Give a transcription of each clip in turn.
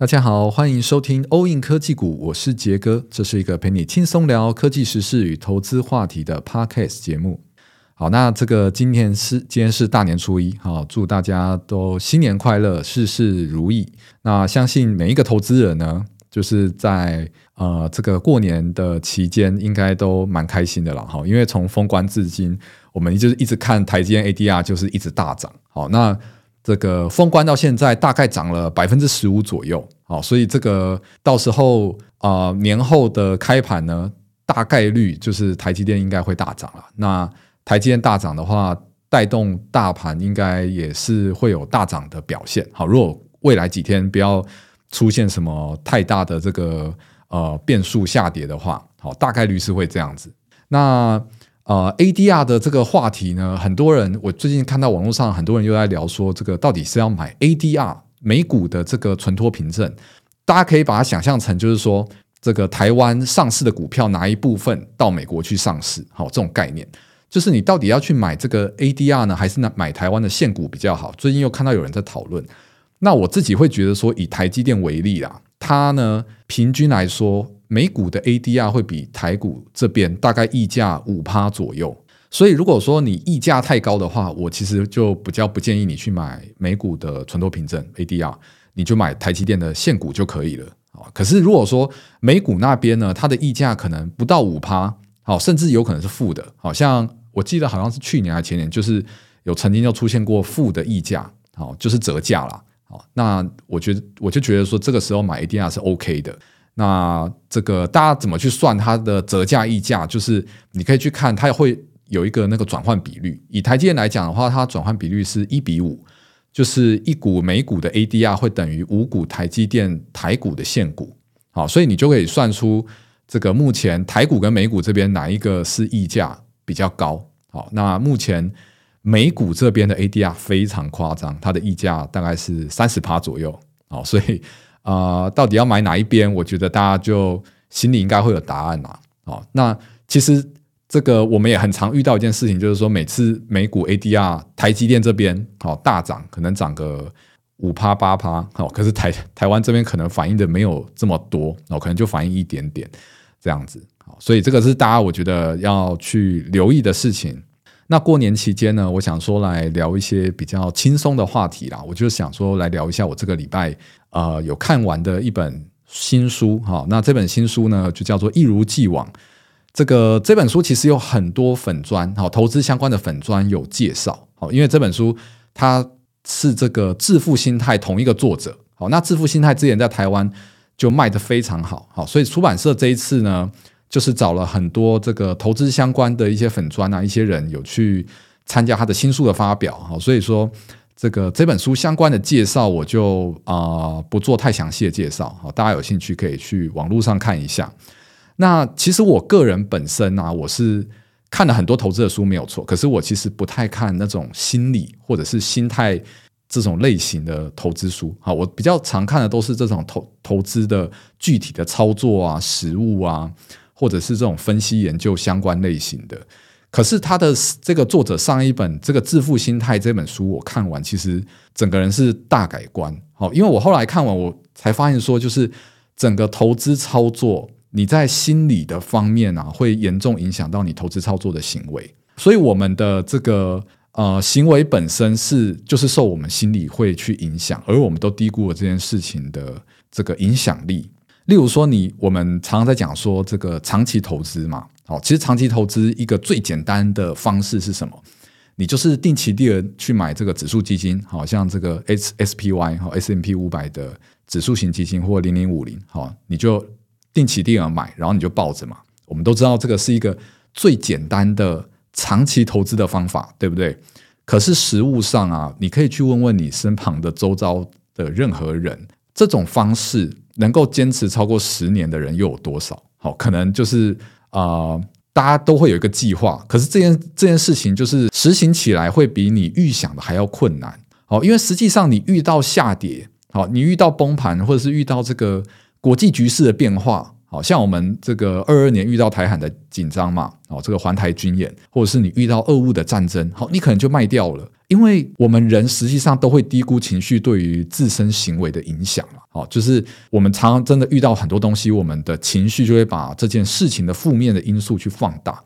大家好，歡迎收聽歐印科技股，我是傑哥。這是一個陪你輕鬆聊科技時事與投資話題的 podcast 節目。好，那這個今天是今天是大年初一，哈，祝大家都新年快樂，事事如意。那相信每一個投資人呢，就是在呃這個過年的期間，應該都蠻開心的啦，哈。因為從封關至今，我們就是一直看台積電 ADR 就是一直大漲，好那。這個封關到現在大概漲了百分之十五左右，好，所以這個到時候啊，呃，年後的開盤呢，大概率就是台積電應該會大漲了。那台積電大漲的話，帶動大盤應該也是會有大漲的表現。好，如果未來幾天不要出現什麼太大的這個呃變數下跌的話，好，大概率是會這樣子。那。呃，ADR 的這個話題呢，很多人，我最近看到網絡上很多人又在聊說，這個到底是要買 ADR 美股的這個存託憑證，大家可以把它想象成就是說，這個台灣上市的股票拿一部分到美國去上市，好、哦，這種概念，就是你到底要去買這個 ADR 呢，還是呢買台灣的現股比較好？最近又看到有人在討論，那我自己會覺得說，以台積電為例啦，它呢。平均來說，美股的 ADR 會比台股這邊大概溢價五趴左右。所以，如果說你溢價太高的話，我其實就比較不建議你去買美股的存托憑證 ADR，你就買台積電的現股就可以了啊。可是，如果說美股那邊呢，它的溢價可能不到五趴，好，甚至有可能是負的。好像我記得好像是去年還是前年，就是有曾經就出現過負的溢價，好，就是折價啦。好，那我覺得我就覺得說，這個時候買 ADR 是 OK 的。那這個大家怎麼去算它的折價溢價？就是你可以去看，它會有一個那個轉換比率。以台積電來講的話，它轉換比率是一比五，就是一股美股的 ADR 會等於五股台積電台股的現股。好，所以你就可以算出這個目前台股跟美股這邊哪一個是溢價比較高。好，那目前。美股這邊的 ADR 非常誇張，它的溢價大概是三十趴左右哦，所以啊、呃，到底要買哪一邊，我覺得大家就心裡應該會有答案啦、啊。哦，那其實這個我們也很常遇到一件事情，就是說每次美股 ADR 台積電這邊哦大漲，可能漲個五趴八趴，哦，可是台台灣這邊可能反應的沒有這麼多，哦，可能就反應一點點這樣子。所以這個是大家我覺得要去留意的事情。那過年期間呢，我想說來聊一些比較輕鬆的話題啦。我就想說來聊一下我這個禮拜呃有看完的一本新書哈、哦。那這本新書呢，就叫做《一如既往》。這個這本書其實有很多粉專，好、哦，投資相關的粉專有介紹。好、哦，因為這本書它是這個致富心態同一個作者。好、哦，那致富心態之前在台灣就賣得非常好，好、哦，所以出版社這一次呢。就是找了很多這個投資相關的一些粉專啊，一些人有去參加他的新書的發表哈，所以說這個這本書相關的介紹我就啊、呃、不做太詳細的介紹好，大家有興趣可以去網絡上看一下。那其實我個人本身啊，我是看了很多投資的書沒有錯，可是我其實不太看那種心理或者是心態這種類型的投資書啊，我比較常看的都是這種投投資的具體的操作啊、實物啊。或者是這種分析研究相關類型的，可是他的這個作者上一本這個《致富心態》這本書，我看完其實整個人是大改觀。好，因為我後來看完，我才發現說，就是整個投資操作，你在心理的方面啊，會嚴重影響到你投資操作的行為。所以，我們的這個呃行為本身是就是受我們心理會去影響，而我們都低估了這件事情的這個影響力。例如說你，你我們常常在講說這個長期投資嘛，好，其實長期投資一個最簡單的方式是什麼？你就是定期定額去買這個指數基金，好像這個 S y, S P Y 和 S M P 五百的指數型基金或零零五零，好，你就定期定額買，然後你就抱着嘛。我們都知道這個是一個最簡單的長期投資的方法，對不對？可是實務上啊，你可以去問問你身旁的周遭的任何人，這種方式，能夠堅持超過十年的人又有多少？好、哦，可能就是啊、呃，大家都會有一個計劃，可是這件這件事情就是實行起來會比你預想的還要困難。好、哦，因為實際上你遇到下跌，好、哦，你遇到崩盤，或者是遇到這個國際局勢的變化，好、哦、像我們這個二二年遇到台海的緊張嘛，哦，這個環台軍演，或者是你遇到俄烏的戰爭，好、哦，你可能就賣掉了。因為我們人實際上都會低估情緒對於自身行為的影響好，就是我們常常真的遇到很多東西，我們的情緒就會把這件事情的負面的因素去放大，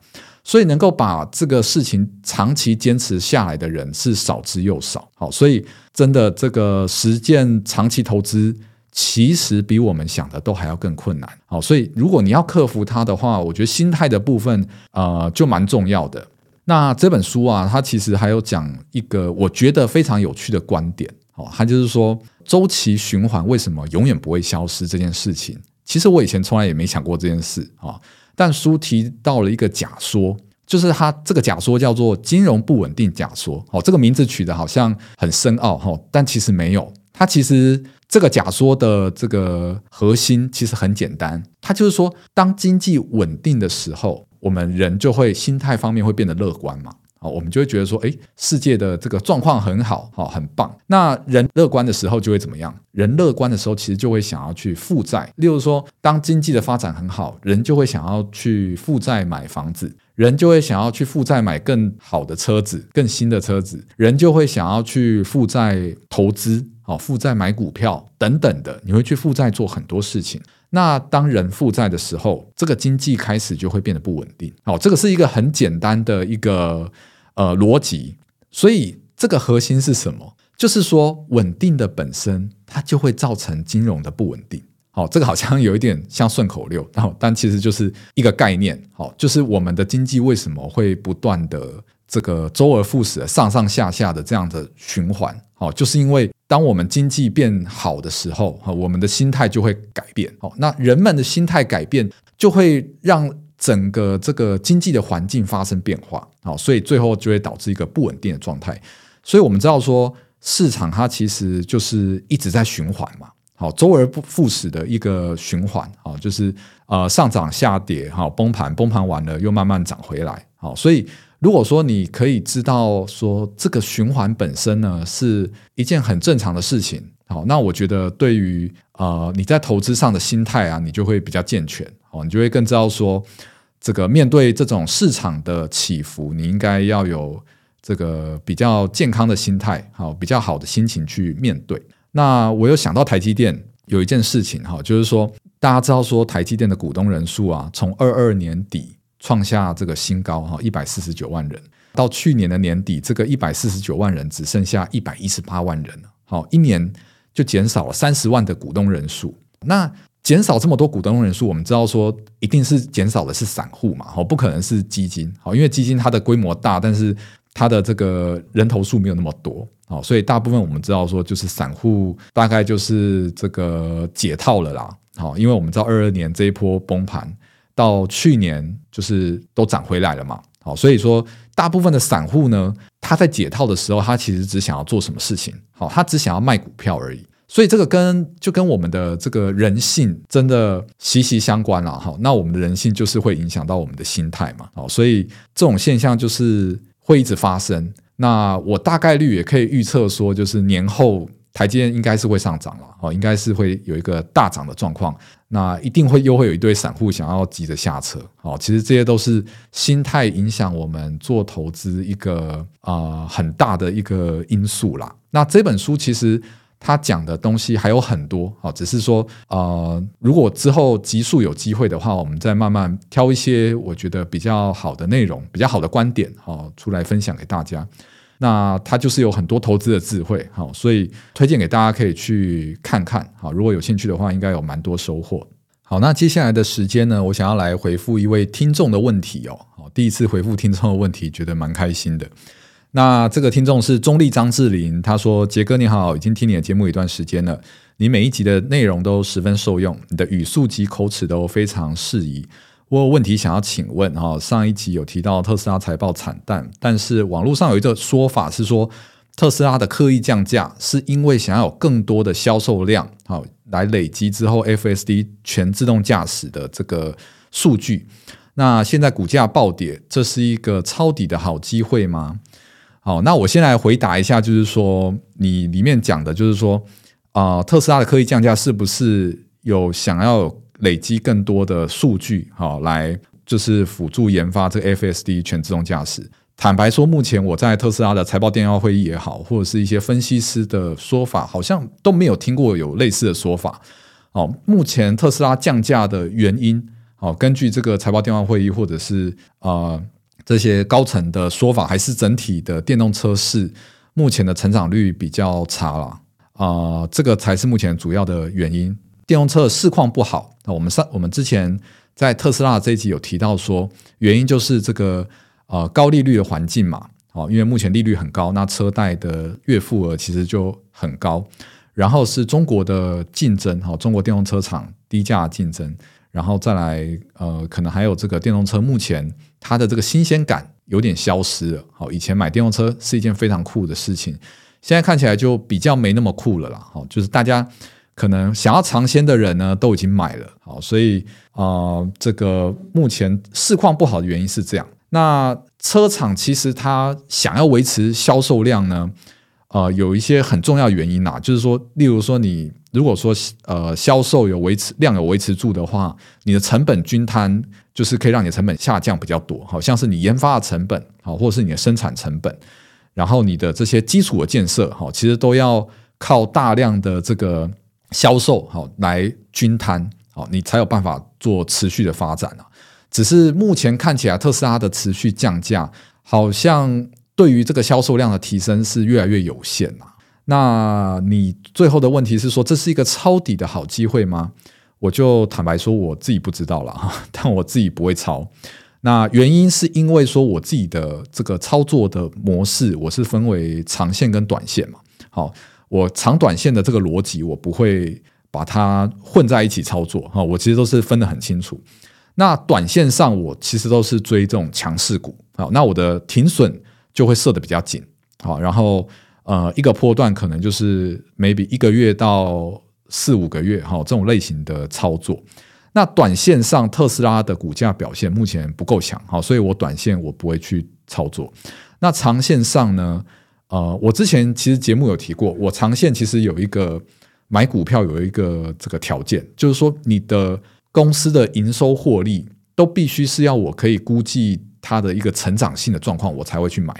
所以能夠把這個事情長期堅持下來的人是少之又少，好，所以真的這個實踐長期投資其實比我們想的都還要更困難，好，所以如果你要克服它的話，我覺得心態的部分啊就蠻重要的。那這本書啊，它其實還有講一個我覺得非常有趣的觀點，哦，它就是說周期循環為什麼永遠不會消失這件事情。其實我以前從來也沒想過這件事啊，哦，但書提到了一個假說，就是它這個假說叫做金融不穩定假說。哦，這個名字取得好像很深奧哈，哦，但其實沒有。它其實這個假說的這個核心其實很簡單，它就是說當經濟穩定的時候。我們人就會心態方面會變得樂觀嘛，好，我們就會覺得說，誒，世界的這個狀況很好，好，很棒。那人樂觀的時候就會怎麼樣？人樂觀的時候，其實就會想要去負債。例如說，當經濟的發展很好，人就會想要去負債買房子，人就會想要去負債買更好的車子、更新的車子，人就會想要去負債投資，好，負債買股票等等的，你會去負債做很多事情。那當人負債的時候，這個經濟開始就會變得不穩定。好、哦，這個是一個很簡單的一個呃邏輯。所以這個核心是什麼？就是說穩定的本身它就會造成金融的不穩定。好、哦，這個好像有一點像順口溜，哦、但其實就是一個概念。好、哦，就是我們的經濟為什麼會不斷的。這個周而復始、上上下下的這樣的循環，就是因為當我們經濟變好的時候，我們的心態就會改變，那人們的心態改變就會讓整個這個經濟的環境發生變化，好，所以最後就會導致一個不穩定的狀態。所以我們知道說，市場它其實就是一直在循環嘛，好，周而復復始的一個循環，啊，就是呃上漲下跌，哈，崩盤，崩盤完了又慢慢漲回來，好，所以。如果說你可以知道說這個循環本身呢，是一件很正常的事情，好，那我覺得對於呃你在投資上的心態啊，你就會比較健全，好，你就會更知道說這個面對這種市場的起伏，你應該要有這個比較健康的心態，好，比較好的心情去面對。那我又想到台積電有一件事情，好，就是說大家知道說台積電的股東人數啊，從二二年底。創下這個新高哈，一百四十九萬人。到去年的年底，這個一百四十九萬人只剩下一百一十八萬人。好，一年就減少了三十萬的股東人數。那減少這麼多股東人數，我們知道說一定是減少的是散戶嘛，哦，不可能是基金哦，因為基金它的規模大，但是它的這個人頭數沒有那麼多哦，所以大部分我們知道說就是散戶大概就是這個解套了啦。好，因為我們知道二二年這一波崩盤。到去年就是都漲回來了嘛，好，所以說大部分的散戶呢，他在解套的時候，他其實只想要做什麼事情？好，他只想要賣股票而已。所以這個跟就跟我們的這個人性真的息息相關了哈。那我們的人性就是會影響到我們的心態嘛，好，所以這種現象就是會一直發生。那我大概率也可以預測說，就是年後台積電應該是會上漲了，好，應該是會有一個大漲的狀況。那一定會又會有一堆散戶想要急着下車，哦，其實這些都是心態影響我們做投資一個啊、呃、很大的一個因素啦。那這本書其實他講的東西還有很多，只是說、呃、如果之後極速有機會的話，我們再慢慢挑一些我覺得比較好的內容、比較好的觀點，出來分享給大家。那他就是有很多投資的智慧，好，所以推薦給大家可以去看看，好，如果有興趣的話，應該有蠻多收穫。好，那接下來的時間呢，我想要來回復一位聽眾的問題哦，好，第一次回復聽眾的問題，覺得蠻開心的。那這個聽眾是中立張智霖，他說：“杰哥你好，已經聽你的節目一段時間了，你每一集的內容都十分受用，你的語速及口齒都非常適宜。”我有問題想要請問哈，上一集有提到特斯拉財報慘淡，但是網絡上有一個說法是說特斯拉的刻意降價是因為想要有更多的銷售量，好來累積之後 FSD 全自動駕駛的這個數據。那現在股價暴跌，這是一個抄底的好機會嗎？好，那我先來回答一下，就是說你裡面講的就是說啊、呃，特斯拉的刻意降價是不是有想要？累積更多的數據，好、哦、來就是輔助研發這個 FSD 全自動駕駛。坦白說，目前我在特斯拉的財報電話會議也好，或者是一些分析師的說法，好像都沒有聽過有類似的說法。哦，目前特斯拉降價的原因，哦，根據這個財報電話會議，或者是呃這些高層的說法，還是整體的電動車市目前的成長率比較差了啊、呃，這個才是目前主要的原因。電動車的市況不好，那我們上我們之前在特斯拉的這一集有提到說，原因就是這個呃高利率的環境嘛，好、哦，因為目前利率很高，那車貸的月付額其實就很高，然後是中國的競爭，好、哦，中國電動車廠低價競爭，然後再來呃，可能還有這個電動車目前它的這個新鮮感有點消失了，好、哦，以前買電動車是一件非常酷的事情，現在看起來就比較沒那麼酷了啦，好、哦，就是大家。可能想要嘗鮮的人呢都已經買了，好，所以啊、呃，這個目前市況不好的原因是這樣。那車廠其實它想要維持銷售量呢，呃，有一些很重要的原因啊，就是說，例如說你如果說呃銷售有維持量有維持住的話，你的成本均攤就是可以讓你的成本下降比較多，好像是你研發的成本，好，或者是你的生產成本，然後你的這些基礎的建設，好，其實都要靠大量的這個。銷售好來均攤好，你才有辦法做持續的發展啊。只是目前看起來，特斯拉的持續降價，好像對於這個銷售量的提升是越來越有限。那你最後的問題是說，這是一個抄底的好機會嗎？我就坦白說，我自己不知道了。但我自己不會抄。那原因是因為說我自己的這個操作的模式，我是分為長線跟短線嘛。好。我長短線的這個邏輯，我不會把它混在一起操作哈。我其實都是分得很清楚。那短線上，我其實都是追這種強勢股啊。那我的停損就會設的比較緊啊。然後呃，一個波段可能就是 maybe 一個月到四五個月哈，這種類型的操作。那短線上，特斯拉的股價表現目前不夠強哈，所以我短線我不會去操作。那長線上呢？呃，我之前其實節目有提過，我長線其實有一個買股票有一個這個條件，就是說你的公司的營收獲利都必須是要我可以估計它的一個成長性的狀況，我才會去買。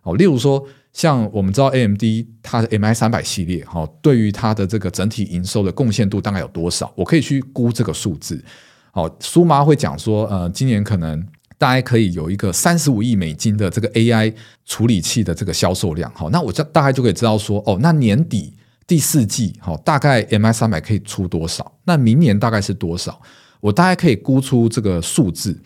好、哦，例如說像我們知道 AMD 它的 MI 300系列，好、哦，對於它的這個整體營收的貢獻度大概有多少，我可以去估這個數字。好、哦，蘇媽會講說，呃，今年可能。大概可以有一個三十五億美金的這個 AI 處理器的這個銷售量，好，那我就大概就可以知道說，哦，那年底第四季，好、哦，大概 MI300 可以出多少？那明年大概是多少？我大概可以估出這個數字。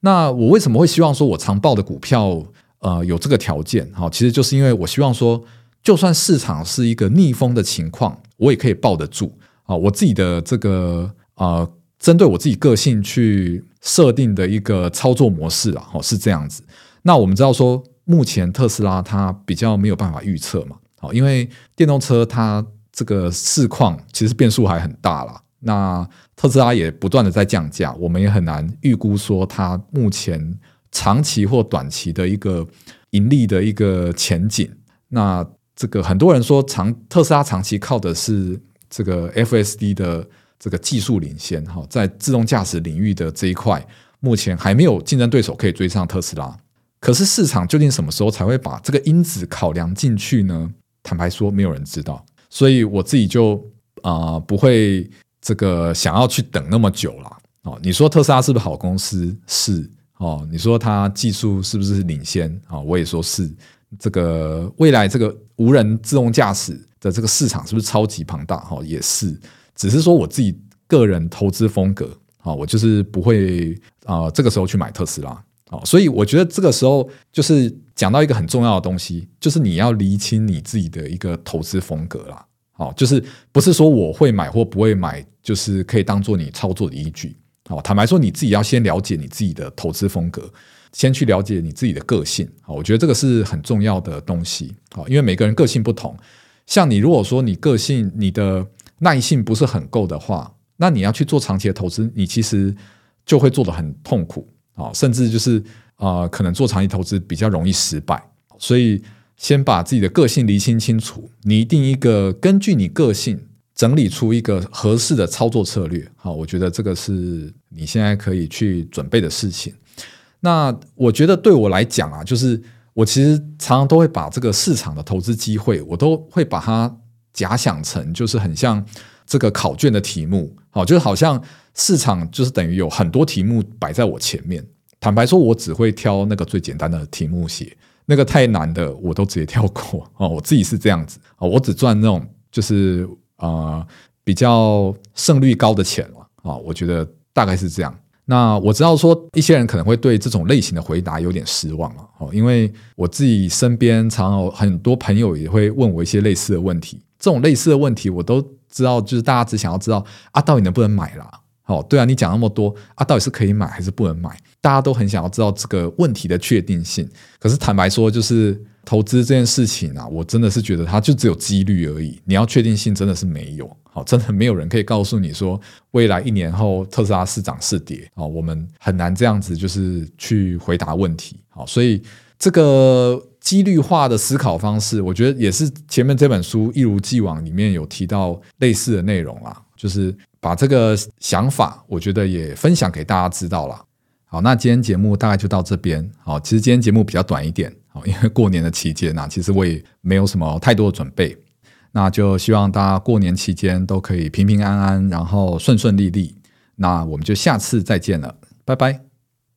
那我為什麼會希望說我常報的股票，呃，有這個條件？好、哦，其實就是因為我希望說，就算市場是一個逆風的情況，我也可以抱得住啊、哦，我自己的這個啊。呃針對我自己個性去設定的一個操作模式啊，好，是這樣子。那我們知道說，目前特斯拉它比較沒有辦法預測嘛，好，因為電動車它這個市況其實變數還很大啦。那特斯拉也不斷的在降價，我們也很難預估說它目前長期或短期的一個盈利的一個前景。那這個很多人說，長特斯拉長期靠的是這個 FSD 的。這個技術領先，哈，在自動駕駛領域的這一塊，目前還沒有競爭對手可以追上特斯拉。可是市場究竟什麼時候才會把這個因子考量進去呢？坦白說，沒有人知道。所以我自己就啊、呃，不會這個想要去等那麼久了。哦，你說特斯拉是不是好公司？是哦。你說它技術是不是領先？啊、哦，我也說是。這個未來這個無人自動駕駛的這個市場是不是超級龐大？哈、哦，也是。只是說我自己個人投資風格啊，我就是不會啊、呃，這個時候去買特斯拉啊、哦，所以我覺得這個時候就是講到一個很重要的東西，就是你要釐清你自己的一個投資風格啦。啊、哦，就是不是說我會買或不會買，就是可以當做你操作的依據啊、哦。坦白說，你自己要先了解你自己的投資風格，先去了解你自己的個性啊、哦，我覺得這個是很重要的東西啊、哦，因為每個人個性不同，像你如果說你個性你的。耐性不是很夠的話，那你要去做長期的投資，你其實就會做得很痛苦啊，甚至就是啊、呃，可能做長期投資比較容易失敗。所以，先把自己的個性理清清楚，你一定一個根據你個性整理出一個合適的操作策略。好，我覺得這個是你現在可以去準備的事情。那我覺得對我來講啊，就是我其實常常都會把這個市場的投資機會，我都會把它。假想成就是很像這個考卷的題目，好，就是好像市場就是等於有很多題目擺在我前面。坦白說，我只會挑那個最簡單的題目寫，那個太難的我都直接跳過哦，我自己是這樣子啊，我只賺那種就是啊、呃、比較勝率高的錢了啊。我覺得大概是這樣。那我知道說一些人可能會對這種類型的回答有點失望了哦，因為我自己身邊常有很多朋友也會問我一些類似的問題。這種類似的問題，我都知道，就是大家只想要知道啊，到底能不能買啦？哦，對啊，你講那麼多啊，到底是可以買還是不能買？大家都很想要知道這個問題的確定性。可是坦白說，就是投資這件事情啊，我真的是覺得它就只有幾率而已。你要確定性，真的是沒有。好、哦，真的沒有人可以告訴你說，未來一年後特斯拉是漲是跌？哦，我們很難這樣子就是去回答問題。好、哦，所以這個。幾率化的思考方式，我覺得也是前面這本書一如既往裡面有提到類似的內容啦。就是把這個想法，我覺得也分享給大家知道啦。好，那今天節目大概就到這邊。好，其實今天節目比較短一點，好，因為過年的期間呢，其實我也沒有什麼太多的準備。那就希望大家過年期間都可以平平安安，然後順順利利。那我們就下次再見了，拜拜。